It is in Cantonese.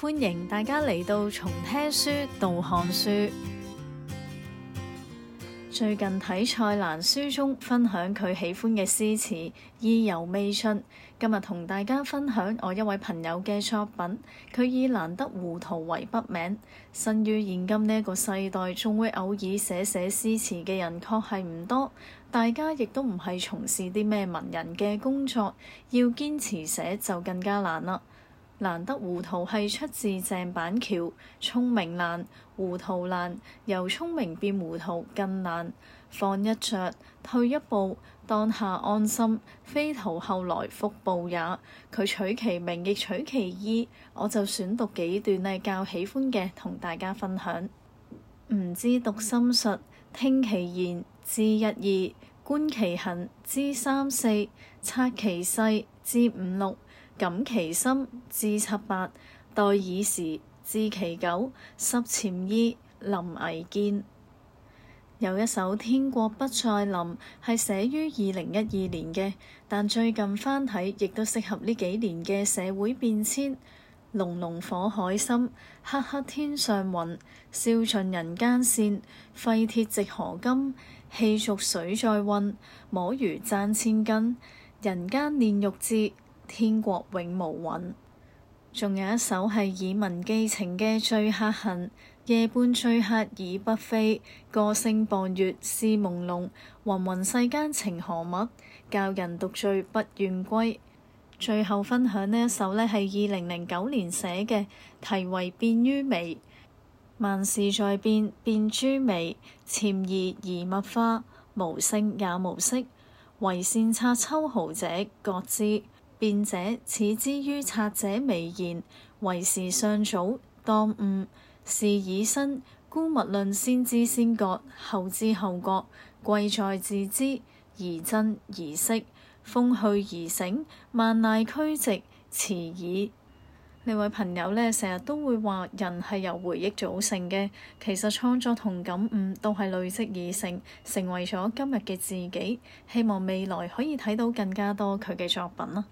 歡迎大家嚟到從聽書到看書。最近睇蔡瀾書中分享佢喜歡嘅詩詞，意猶未盡。今日同大家分享我一位朋友嘅作品，佢以難得糊塗為筆名。生於現今呢一個世代，仲會偶爾寫寫詩、詩詞嘅人，確係唔多。大家亦都唔係從事啲咩文人嘅工作，要堅持寫就更加難啦。難得糊塗係出自鄭板橋，聰明難糊塗難，由聰明變糊塗更難。放一着，退一步，當下安心，非圖後來福報也。佢取其名，亦取其意。我就選讀幾段咧較喜歡嘅，同大家分享。唔知讀心術，聽其言，知一二；觀其行，知三四；察其勢，知五六。感其心，至七八待以時至其久，十潛衣臨危見。有一首《天國不再臨》，係寫於二零一二年嘅，但最近翻睇亦都適合呢幾年嘅社會變遷。濃濃火海深，黑黑天上雲，笑盡人間線，廢鐵值何金？戲續水再渾，摸魚賺千斤，人間煉獄志。天國永無雲，仲有一首係以文寄情嘅《醉客恨》。夜半醉客已不飛，歌聲傍月思朦朧。雲雲世間情何物？教人獨醉不願歸。最後分享呢一首呢係二零零九年寫嘅《題為變於微》，萬事在變，變諸微潛移移物化，無聲也無色，唯善察秋毫者各，各知。變者始之於察者微言，為時尚早，當悟事以身。故勿論先知先覺，後知後覺，貴在自知而真而識風去而醒，萬籟俱寂，遲矣。呢位朋友呢，成日都會話人係由回憶組成嘅，其實創作同感悟都係累積而成，成為咗今日嘅自己。希望未來可以睇到更加多佢嘅作品啦。